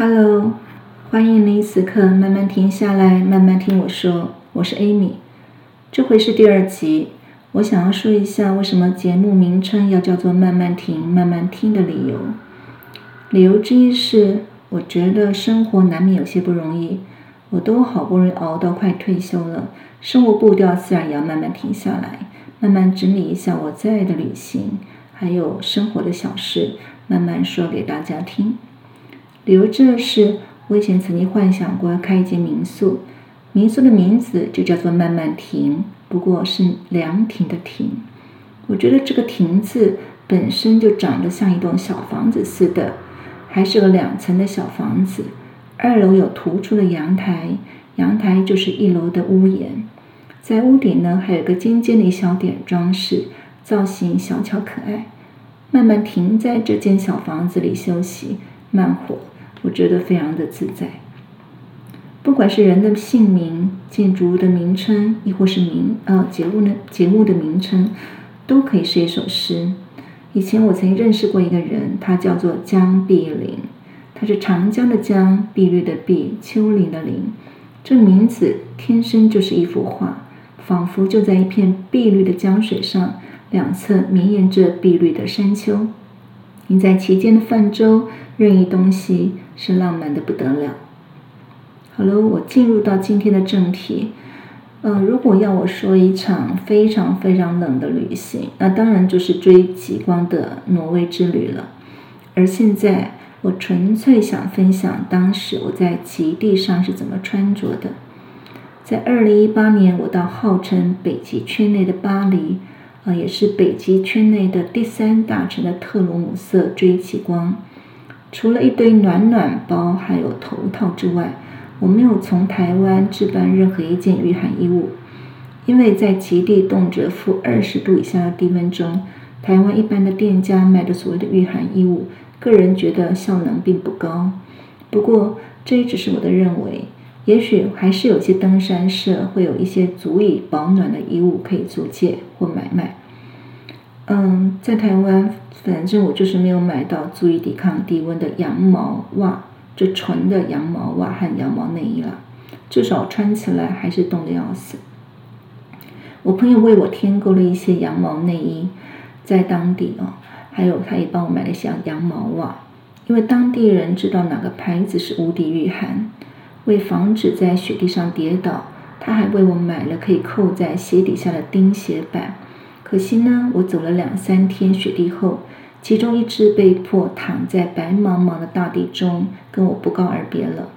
Hello，歡迎您此刻慢慢停下來，慢慢聽我說。我是 Amy，這回是第二集。我想要說一下為什麼節目名稱要叫做“慢慢停，慢慢聽”的理由。理由之一是，我覺得生活難免有些不容易，我都好不容易熬到快退休了，生活步調自然也要慢慢停下來，慢慢整理一下我最愛的旅行，還有生活的小事，慢慢說給大家聽。比如，這是我以前曾經幻想過要開一間民宿，民宿的名字就叫做慢慢亭，不過是涼亭的亭。我覺得這個亭字本身就長得像一棟小房子似的，還是個兩層的小房子，二樓有突出的陽台，陽台就是一樓的屋檐，在屋頂呢還有個尖尖的一小點裝飾，造型小巧可愛。慢慢停在這間小房子裡休息，慢活。我覺得非常的自在。不管是人的姓名、建築的名稱，亦或是名，呃，節目的節目的名稱，都可以是一首詩。以前我曾經認識過一個人，他叫做江碧林，他是長江的江、碧綠的碧、丘陵的林，這名字天生就是一幅畫，仿佛就在一片碧綠的江水上，兩側綿延着碧綠的山丘，你在其間的泛舟，任意東西。是浪漫的不得了。好了，我進入到今天的正題。嗯，如果要我說一場非常非常冷的旅行，那當然就是追極光的挪威之旅了。而現在，我純粹想分享當時我在極地上是怎麼穿着的。在二零一八年，我到號稱北極圈內的巴黎，啊，也是北極圈內的第三大城的特羅姆瑟追極光。除了一堆暖暖包還有頭套之外，我沒有從台灣置辦任何一件禦寒衣物，因為在極地動輒負二十度以下的低溫中，台灣一般的店家賣的所謂的禦寒衣物，個人覺得效能並不高。不過這也只是我的認為，也許還是有些登山社會有一些足以保暖的衣物可以租借或買賣。嗯，在台灣，反正我就是沒有買到足以抵抗低溫的羊毛襪，就純的羊毛襪和羊毛內衣了。至少穿起來還是凍得要死。我朋友為我添購了一些羊毛內衣，在當地啊、哦，還有他也幫我買了些羊毛襪，因為當地人知道哪個牌子是無敵禦寒。為防止在雪地上跌倒，他還為我買了可以扣在鞋底下的釘鞋板。可惜呢，我走了兩三天雪地後，其中一隻被迫躺在白茫茫的大地中，跟我不告而別了。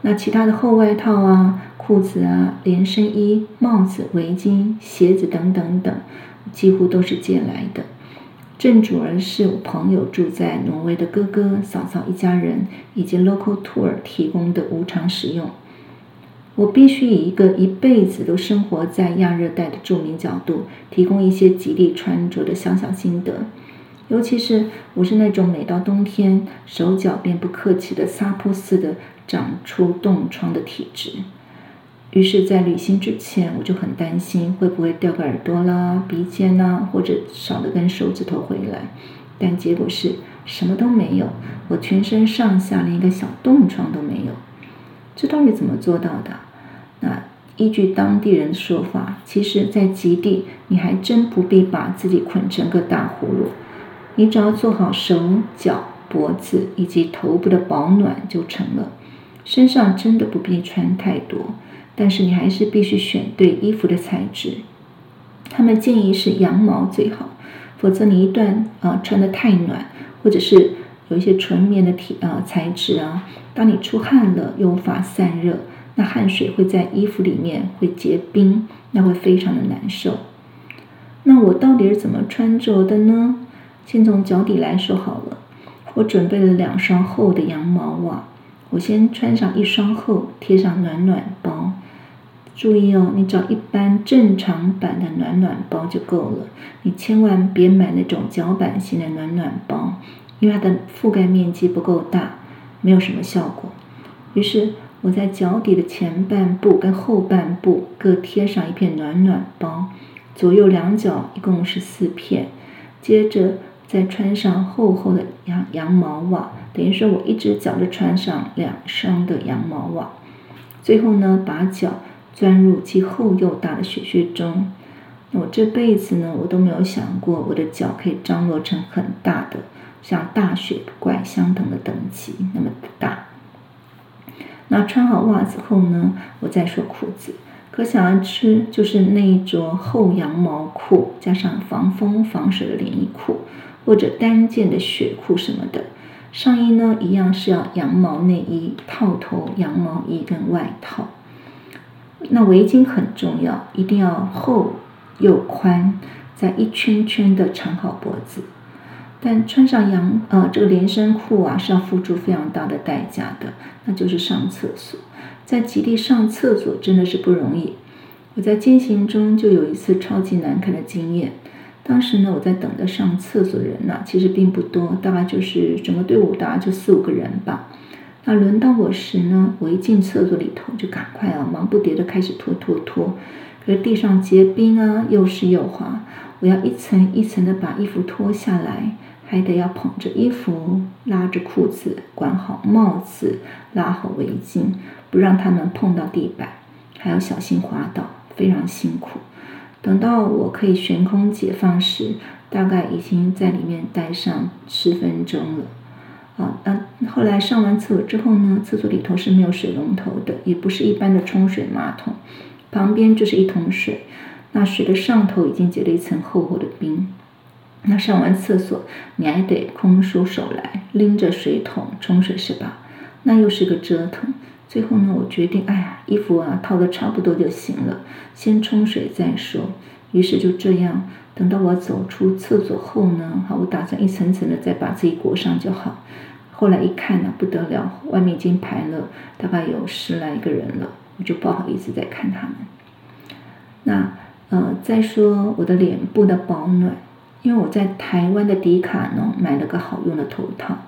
那其他的厚外套啊、褲子啊、連身衣、帽子、圍巾、鞋子等等等，幾乎都是借來的。正主兒是我朋友住在挪威的哥哥、嫂嫂一家人，以及 Local Tour 提供的無償使用。我必須以一個一輩子都生活在亞熱帶的著名角度，提供一些極地穿着的小小心得。尤其是我是那種每到冬天手腳便不客氣的撒潑似的長出凍瘡的體質，於是，在旅行之前我就很擔心會不會掉個耳朵啦、鼻尖啦，或者少了根手指頭回來。但結果是什麼都沒有，我全身上下連一個小凍瘡都沒有。這到底怎麼做到的？那依據當地人的說法，其實，在極地，你還真不必把自己捆成個大葫蘆，你只要做好手腳、脖子以及頭部的保暖就成了。身上真的不必穿太多，但是你還是必須選對衣服的材質。他們建議是羊毛最好，否則你一旦啊、呃、穿得太暖，或者是。有一些純棉的體啊，呃，材質啊，當你出汗了又無法散熱，那汗水會在衣服裡面會結冰，那會非常的難受。那我到底是怎麼穿着的呢？先從腳底來說好了。我準備了兩雙厚的羊毛襪，啊，我先穿上一雙厚，貼上暖暖包。注意哦，你找一般正常版的暖暖包就夠了，你千萬別買那種腳板型的暖暖包。因為它的覆蓋面積不夠大，沒有什麼效果。於是我在腳底的前半部跟後半部各貼上一片暖暖包，左右兩腳一共是四片。接着再穿上厚厚的羊羊毛襪，等於說我一隻腳就穿上兩雙的羊毛襪。最後呢，把腳鑽入既厚又大的雪靴中。那我這輩子呢，我都沒有想過我的腳可以張羅成很大的。像大雪怪相同的等級那麼大。那穿好襪子後呢，我再說褲子。可想而知，就是那一着厚羊毛褲，加上防風防水的連衣褲，或者單件的雪褲什麼的。上衣呢，一樣是要羊毛內衣、套頭羊毛衣跟外套。那圍巾很重要，一定要厚又寬，再一圈圈的纏好脖子。但穿上羊呃這個連身褲啊是要付出非常大的代價的，那就是上廁所，在極地上廁所真的是不容易。我在踐行中就有一次超級難堪的經驗。當時呢，我在等着上廁所的人呢，啊，其實並不多，大概就是整個隊伍大概就四五個人吧。那輪到我時呢，我一進廁所裡頭，就趕快啊忙不迭地開始脫脫脫，可是地上結冰啊，又濕又滑，我要一層一層的把衣服脫下來。還得要捧着衣服，拉着褲子，管好帽子，拉好圍巾，不讓他們碰到地板，還要小心滑倒，非常辛苦。等到我可以懸空解放時，大概已經在裡面待上十分鐘了。啊，那、啊、後來上完廁所之後呢，廁所裡頭是沒有水龍頭的，也不是一般的沖水馬桶，旁邊就是一桶水，那水的上頭已經結了一層厚厚的冰。那上完廁所，你還得空出手來拎着水桶沖水是吧？那又是個折騰。最後呢，我決定哎呀，衣服啊套的差不多就行了，先沖水再說。於是就這樣，等到我走出廁所後呢，好，我打算一層層的再把自己裹上就好。後來一看呢，不得了，外面已經排了大概有十來個人了，我就不好意思再看他們。那呃，再說我的臉部的保暖。因為我在台灣的迪卡儂買了個好用的頭套，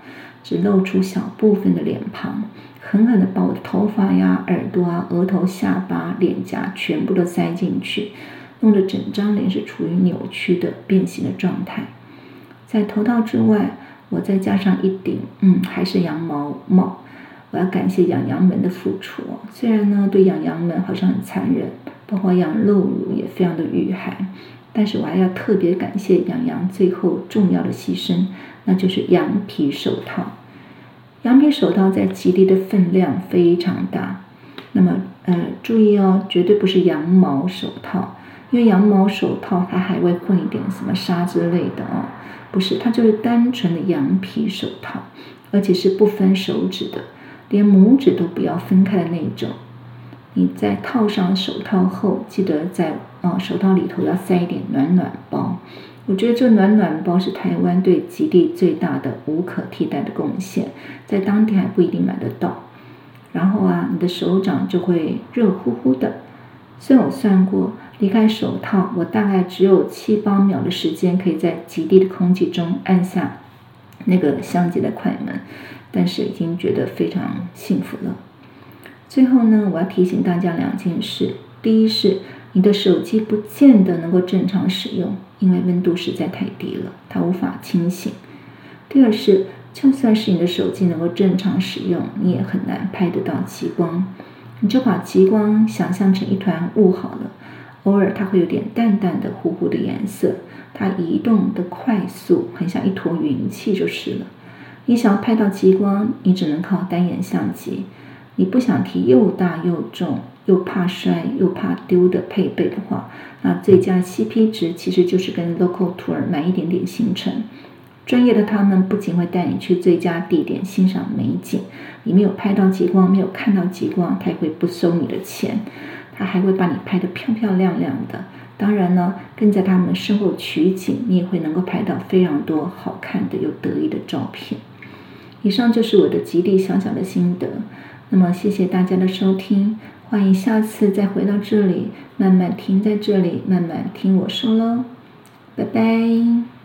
只露出小部分的臉龐，狠狠的把我的頭髮呀、耳朵啊、額頭、下巴、臉頰全部都塞進去，弄得整張臉是處於扭曲的變形的狀態。在頭套之外，我再加上一頂，嗯，還是羊毛帽。我要感謝養羊，羊們的付出，雖然呢，對養羊，羊們好像很殘忍，包括養鹿也非常的遇害。但是我還要特別感謝羊羊最後重要的犧牲，那就是羊皮手套。羊皮手套在極地的分量非常大。那麼，呃，注意哦，絕對不是羊毛手套，因為羊毛手套它還會混一點什麼紗之類的哦。不是，它就是單純的羊皮手套，而且是不分手指的，連拇指都不要分開的那種。你在套上手套後，記得在哦、呃、手套裡頭要塞一點暖暖包。我覺得這暖暖包是台灣對極地最大的無可替代的貢獻，在當地還不一定買得到。然後啊，你的手掌就會熱乎乎的。雖然我算過，離開手套，我大概只有七八秒的時間可以在極地的空氣中按下那個相機的快門，但是已經覺得非常幸福了。最後呢，我要提醒大家兩件事：第一是你的手機不見得能夠正常使用，因為溫度實在太低了，它無法清醒；第二是，就算是你的手機能夠正常使用，你也很難拍得到極光。你就把極光想象成一團霧好了，偶爾它會有點淡淡的、糊糊的顏色，它移動的快速，很像一坨雲氣就是了。你想要拍到極光，你只能靠單眼相機。你不想提又大又重又怕摔又怕丟的配備的話，那最佳 CP 值其實就是跟 Local Tour 買一點點行程。專業的他們不僅會帶你去最佳地點欣賞美景，你沒有拍到極光，沒有看到極光，他也會不收你的錢，他還會把你拍得漂漂亮亮的。當然呢，跟在他們身後取景，你也會能夠拍到非常多好看的又得意的照片。以上就是我的極力想想的心得。那麼，謝謝大家的收聽，歡迎下次再回到這裡，慢慢聽在這裡，慢慢聽我說嘍，拜拜。